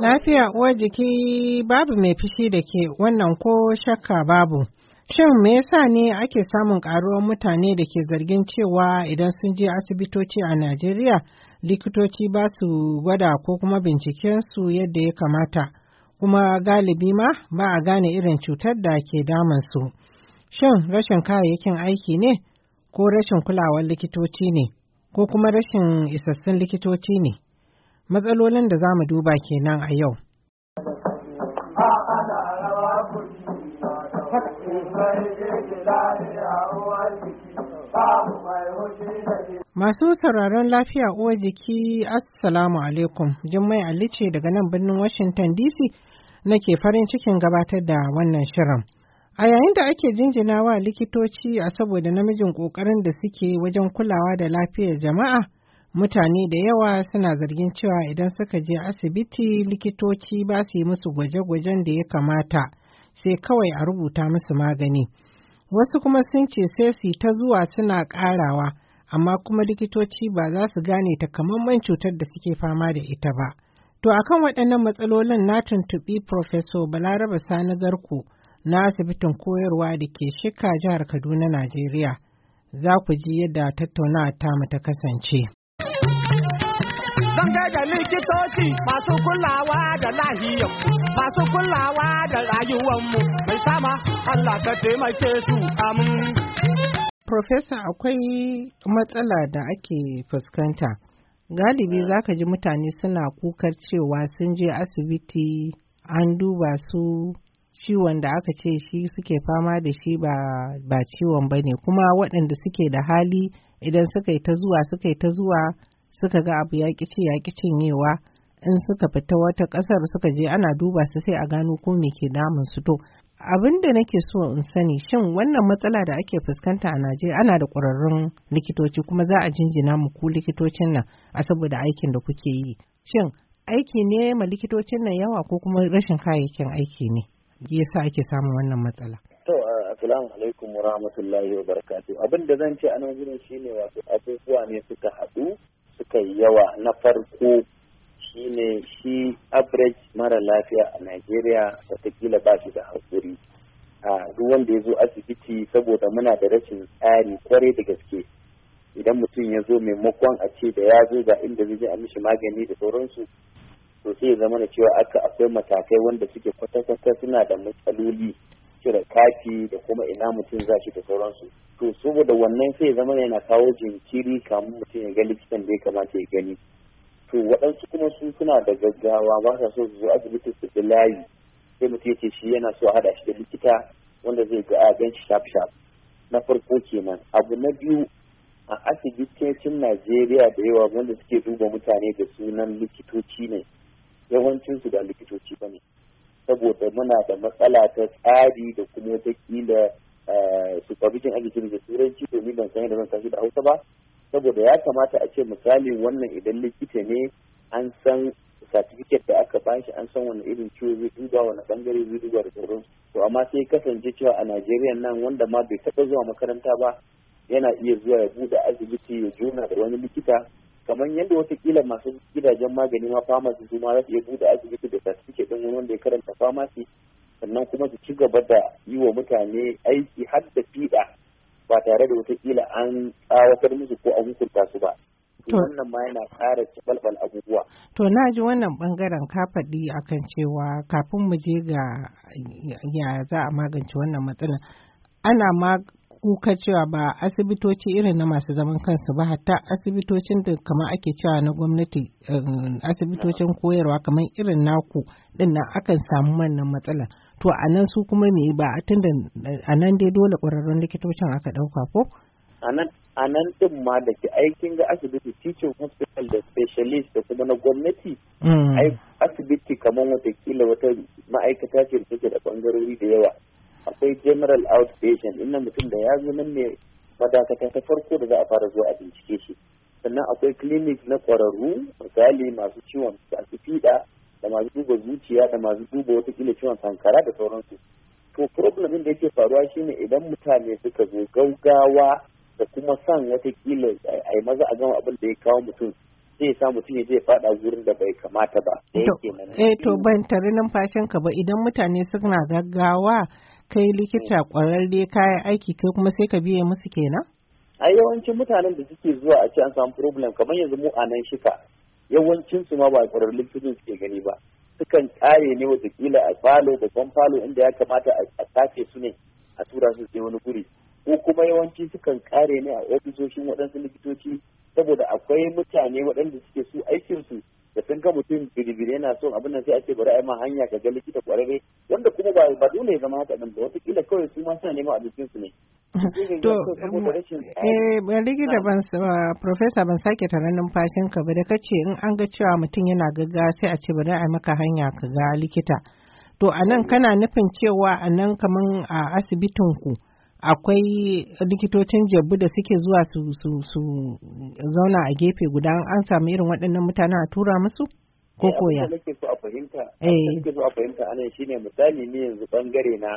Lafiya uwar jiki babu mai fushi da ke wannan ko shakka babu. Shin me yasa ne ake samun ƙaruwar mutane da ke zargin cewa idan sun je asibitoci a Najeriya likitoci ba su gwada ko kuma binciken su yadda ya kamata, kuma galibi ma ba a gane irin cutar da ke damansu. Shin rashin kayayyakin aiki ne ko rashin kulawar likitoci ne? ko kuma rashin isassun likitoci ne? Matsalolin da za mu duba kenan a yau. Masu sauraron lafiya uwa jiki Assalamu alaikum, Jummai Ali ce daga nan birnin Washington DC nake farin cikin gabatar da wannan shirin. A yayin da ake jinjina wa likitoci a saboda namijin ƙoƙarin da suke wajen kulawa da lafiyar jama'a, mutane da yawa suna zargin cewa idan suka je asibiti likitoci ba su yi musu gwaje-gwajen da ya kamata sai kawai a rubuta musu magani. Wasu kuma sun ce sai su ta zuwa suna ƙarawa, amma kuma likitoci ba za su gane takamaiman cutar da suke fama da ita ba. To akan waɗannan matsalolin na tuntuɓi Professor Balaraba Sani Garko. na asibitin koyarwa da ke shika jihar Kaduna, Najeriya. Za ku ji yadda tattaunawa ta ta kasance. Zan da likitoci masu kulawa da lahiyar, masu kulawa da rayuwanmu mai sama Allah ta taimake su amin. Profesa akwai matsala da ake fuskanta. Galibi za ka ji mutane suna kukar cewa sun je asibiti an duba su ciwon da aka ce shi suke fama da shi ba ciwon ba ne kuma waɗanda suke da hali idan suka yi ta zuwa suka yi ta zuwa suka ga abu ya ce ya cinyewa in suka fita wata ƙasar suka je ana duba su sai a gano ko me ke damun su to abin da nake so in sani shin wannan matsala da ake fuskanta a najeriya ana da ƙwararrun likitoci kuma za a jinjina mu ku likitocin nan a saboda aikin da kuke yi shin aiki ne ma likitocin nan yawa ko kuma rashin kayayyakin aiki ne yasa ake samun wannan matsala to assalamu alaikum wa rahmatullahi wa barakatu. abin da zan ce a nan shi ne wato abubuwa ne suka haɗu suka yi yawa na farko shi ne shi average mara lafiya a Najeriya watakila ba shi da haƙuri a duk wanda ya zo asibiti saboda muna da rashin tsari kwarai da gaske idan mutum ya zo maimakon a ce da ya zo ga inda zai je a mishi magani da sauransu to sai ya zama da cewa aka akwai matakai wanda suke kwata suna da matsaloli cire kafi da kuma ina mutum za shi da sauransu to saboda wannan sai ya zama yana kawo jinkiri kamun mutum ya ga likitan da ya kamata ya gani to waɗansu kuma su suna da gaggawa ba sa so su zo asibiti su bi layi sai mutum ya shi yana so a haɗa shi da likita wanda zai ga a ganci shaf-shaf na farko kenan abu na biyu a asibitocin najeriya da yawa wanda suke duba mutane da sunan likitoci ne yawancinsu da likitoci ba ne saboda muna da matsala ta tsari da kuma ta wataƙila eh, supervision ake kiri da turanci domin ban san da zan tashi da hausa ba saboda ya kamata a ce misali wannan idan likita ne an san satifiket da aka bashi an san wani irin ciwo zai duba wani bangare zai duba da sauran to amma sai kasance cewa a najeriya nan wanda ma bai taɓa zuwa makaranta ba yana iya zuwa ya buɗe asibiti ya juna da wani likita kamar yadda watakila masu gidajen magani ma famasi su ma za su iya buɗe asibiti da suke ɗin wani wanda ya karanta famasi sannan kuma su ci gaba da yi wa mutane aiki har da fiɗa ba tare da kila an tsawatar musu ko an hukunta su ba. wannan ma yana ƙara balbal abubuwa. To na ji wannan bangaren ka faɗi akan cewa kafin mu je ga ya za a magance wannan matsalar ana kuka cewa ba asibitoci irin na masu zaman kansu ba hatta asibitocin da kamar ake cewa na gwamnati um, asibitocin koyarwa kamar irin naku din nan akan samu wannan matsala to a nan su kuma me ba tunda a nan dai dole ƙwararrun likitocin aka ɗauka ko a nan din ma da ke aikin ga asibiti teaching hospital da specialist da kuma na gwamnati mm. asibiti kamar watakila wata ma'aikata ce da take da bangarori da yawa akwai general outpatient inda mutum da ya zo nan ne madakata ta farko da za a fara zuwa a bincike shi sannan akwai clinic na kwararru misali masu ciwon su fiɗa da masu duba zuciya da masu duba wata kila ciwon sankara da sauransu to problem da yake faruwa shine idan mutane suka zo gaugawa da kuma san watakila a yi maza a gama abin da ya kawo mutum zai sa mutum ya je faɗa wurin da bai kamata ba. to eh, ban tare numfashinka ba idan mutane suna gaggawa kai likita kwararre kayan aiki kai kuma sai ka biya musu kenan? A yawancin mutanen da suke zuwa a ce an samu problem kamar yanzu mu a nan shika yawancin su ma ba kwarar likitocin suke gani ba sukan kare ne watakila a falo da kwan falo inda ya kamata a tace su ne a tura su sai wani guri ko kuma yawanci sukan kare ne a ofisoshin waɗansu likitoci saboda akwai mutane waɗanda suke su aikinsu da sun ga mutum biribiri yana son abin nan sai ake bari a ma hanya ka ga likita kwararre wanda kuma ba ba dole ya zama haka din ba kila kawai su ma suna neman abincin su ne. to um, eh, eh likita ban professor ban sake taron numfashin ka ba da kace in an ga cewa mutum yana gagga sai a ce bari a yi maka hanya ka ga likita to a nan mm. kana nufin cewa a nan kaman a asibitin ku akwai likitocin jabbu da suke zuwa su, su, su zauna a gefe guda an samu irin waɗannan mutanen a tura musu? Ko eh, koya? nake so a fahimta, eh. nake so a fahimta anan shine misali ne yanzu bangare na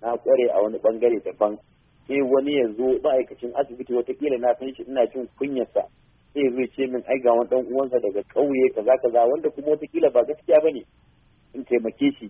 na kware a wani bangare daban. Sai wani yanzu ma'aikacin asibiti watakila na san shi ina cin kunyarsa. Sai zai ce min ai ga wani dan uwansa daga ƙauye kaza kaza wanda kuma watakila ba gaskiya bane in taimake shi.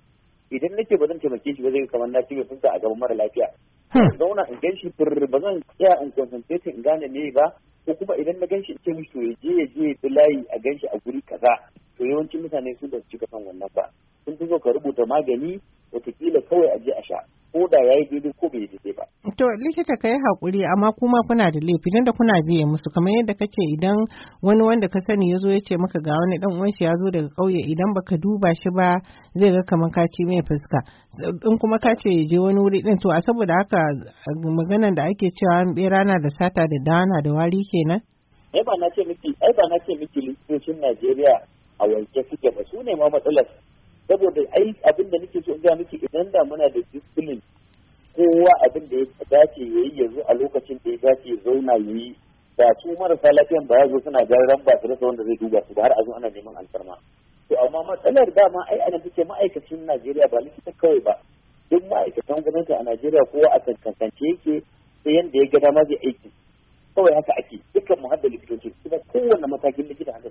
Idan nake ba zan taimake shi ba zai kamar na ci sa a gaban mara lafiya. Hmm. zauna in gan shi ba zan tsaya in concentrate in gane me ba ko kuma idan na ganshi shi ce mishi to ya je ya je layi a gan a guri kaza to yawancin mutane sun ba su cika kan wannan ba sun fi so ka rubuta magani watakila kawai a je a sha ko da ya yi daidai ko bai daidai ba. To likita ka yi haƙuri amma kuma kuna da laifi don da kuna biye musu kamar yadda ka ce idan wani wanda ka sani ya zo ya ce maka ga wani ɗan uwan shi ya zo daga ƙauye idan baka duba shi ba zai ga kamar ka ci mai fuska in kuma ka ce ya je wani wuri ɗin to a saboda haka maganan da ake cewa an ɓera na da sata da dana da wari kenan. Ai ba na ce miki ai ba na ce miki likitocin Najeriya a wanke suke ba su ne ma matsalar saboda ai abin da nake so ga miki idan da muna da discipline kowa abin da ya dace ya yi yanzu a lokacin da ya dace ya zauna ya yi ba su marasa lafiyan ba zo suna garan ba da rasa wanda zai duba su ba har a zo ana neman alfarma to amma matsalar dama ai ana take ma'aikacin Najeriya ba likita kawai ba duk ma'aikatan gwamnati a Najeriya kowa a kankance yake sai yanda ya ga dama zai aiki kawai haka ake dukkan mu hadda likitoci kuma kowanne matakin likita haka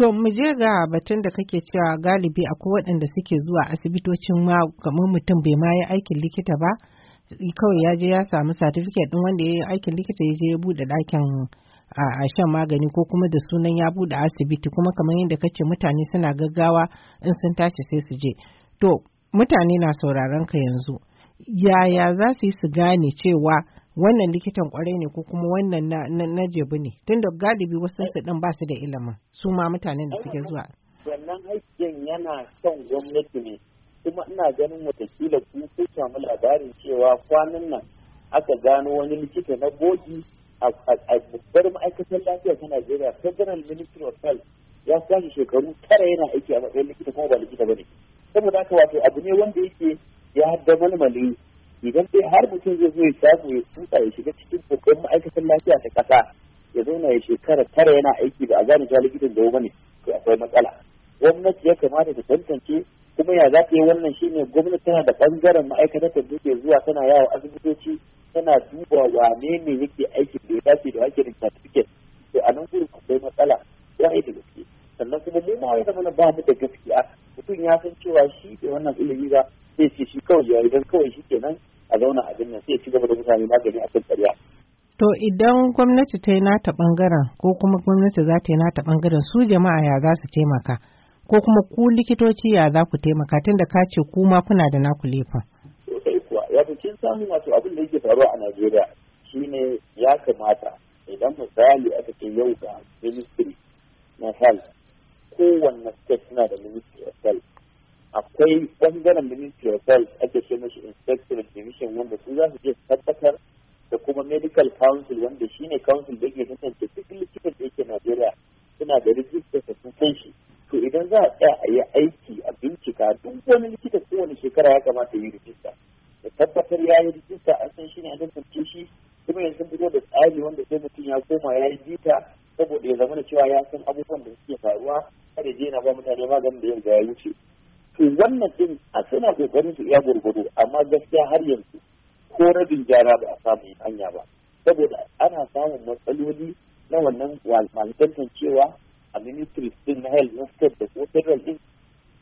To mu je ga batun da kake cewa galibi akwai waɗanda suke zuwa asibitocin ma kamar mutum bai ma yi aikin likita ba kawai ya je ya samu satifiket ɗin wanda ya yi aikin likita ya je ya buɗe ɗakin a shan magani ko kuma da sunan ya buɗe asibiti kuma kamar yadda kace mutane suna gaggawa in sun tashi sai su je. To mutane na sauraron ka yanzu. Yaya za su yi su gane cewa wannan likitan kwarai ne ko kuma wannan na, na, na jebu ne da galibi wasu su din ba su da ilimin su ma mutanen da suke zuwa wannan aikin yana son gwamnati ne kuma ina ganin watakila ku ku samu labarin cewa kwanan nan aka gano wani likita na gogi a babbar ma'aikatar lafiya ta Najeriya Federal Ministry of Health ya kwashe shekaru tara yana aiki a matsayin likita kuma ba likita ba ne saboda haka wato abu ne wanda yake ya hadda malmali idan sai har mutum zai zo ya shafu ya tsutsa ya shiga cikin babban ma'aikatan lafiya ta ƙasa ya zauna ya shekara tara yana aiki ba a gane ta likitan da wani to akwai matsala gwamnati ya kamata ta tantance kuma ya za ta yi wannan shine gwamnati tana da bangaren ma'aikatar da take zuwa tana yawo asibitoci tana duba wane ne yake aikin da ya dace da wake da certificate to a nan gurin akwai matsala yi da gaske sannan kuma mu ma ya zama ba mu da gaskiya mutum ya san cewa shi da wannan ilimi ba sai ce shi kawai kawai shi kenan a zauna a nan sai ci gaba da mutane magani a kan ƙarya. To idan gwamnati ta yi nata bangaren ko kuma gwamnati za ta yi nata bangaren su jama'a ya za su taimaka ko kuma ku likitoci ya za ku taimaka tunda ka ce ku ma kuna da naku laifin. sai kuwa ya fi kin samu wato abin da yake faruwa a Najeriya ne ya kamata idan misali aka ce yau ga ministry na health kowanne state suna da ministry of health akwai ɓangaren ministry of health ake ce mashi inspector division wanda su za su je tabbatar da kuma medical council wanda shine council da ke da duk likitan da yake najeriya suna da rijistar da sun kai shi to idan za a tsaya a yi aiki a bincika duk wani likita kowane shekara ya kamata yi rijista da tabbatar ya yi rijista an san shi ne an tantance shi kuma yanzu fito da tsari wanda sai mutum ya koma ya yi jita saboda ya zama da cewa ya san abubuwan da suke faruwa kada je na ba mutane maganin da yau da ya wuce to wannan din a suna kokarin su iya gurgudu amma gaskiya har yanzu ko rabin gyara ba a samu hanya ba saboda ana samun matsaloli na wannan malmantan cewa a ministry din na health na state da ko federal din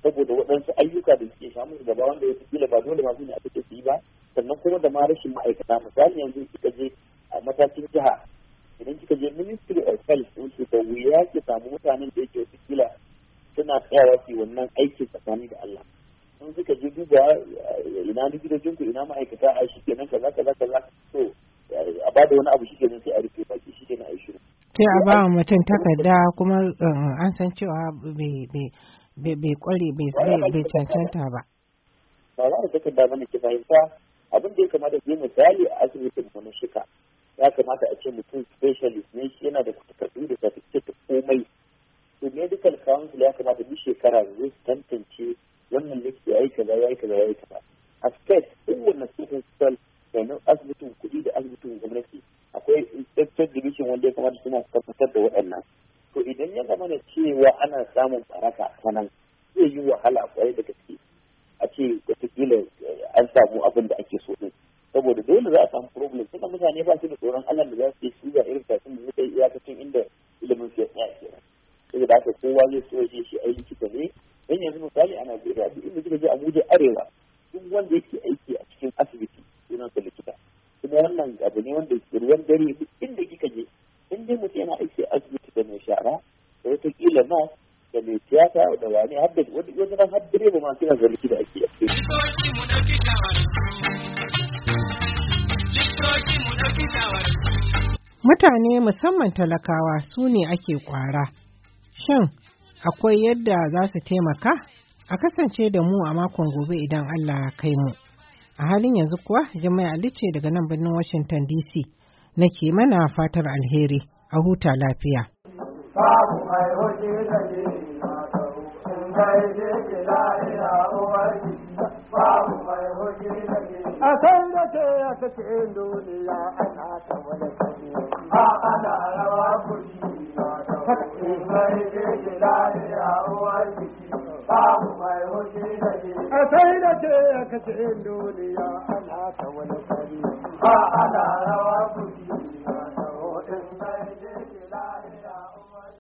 saboda waɗansu ayyuka da suke samu gaba wanda ya kila ba dole masu ne a take su ba sannan kuma da ma rashin ma'aikata misali yanzu kika je a matakin jiha idan kika je ministry of health sun su da wuya ke samu mutanen da yake kila suna tsayawa su wannan aiki tsakani da Allah sun suka je duba ina likitocin ku ina ma'aikata a shi kenan kaza kaza kaza to a bada wani abu shi kenan sai a rufe baki shi kenan a yi shiru sai a ba mutum takarda kuma um, an san cewa bai kware bai cancanta ba. Ba za a takarda ba ne ki fahimta abin da ya kamata yi misali a asibitin mu na shika ya kamata a ce mutum specialist ne shi yana da takardu da ta komai to medical council ya kamata duk shekara zai tantance wannan likita ya yi kaza ya yi kaza ya yi kaza a state kowane state hospital kenan asibitin kuɗi da asibitin gwamnati akwai inspector division wanda ya kamata suna tabbatar da waɗannan to idan ya zama na cewa ana samun baraka a nan zai yi wahala a kwarai da gaske a ce wataƙila eh, an samu abin da ake so ɗin saboda dole za a samu problem suna mutane ba su da tsoron allah da za su yi su ga irin kafin da suka yi iyakacin inda ilimin su ya tsaya saboda haka kowa zai so ya shi a likita ne dan yanzu misali a Najeriya duk inda kika je Abuja Arewa duk wanda yake aiki a cikin asibiti sunan sa likita kuma wannan abu ne wanda ruwan dare duk inda kika je in dai mutum yana aiki a asibiti da mai shara da wata kila na da mai tiyata da wani hadda wani wani wani har direba ma kina da likita ake a cikin mutane musamman talakawa su ne ake kwara Shin akwai yadda za su taimaka? A kasance da mu a makon gobe idan Allah ya kai mu. A halin yanzu kuwa Jami'a Ali ce daga nan birnin Washington DC nake mana fatar alheri a huta lafiya. Babu mai da ke babu a da ke ya kace duniya ana ta wani sai da ce ya kashe duniya ana ta wani kari ba ana rawa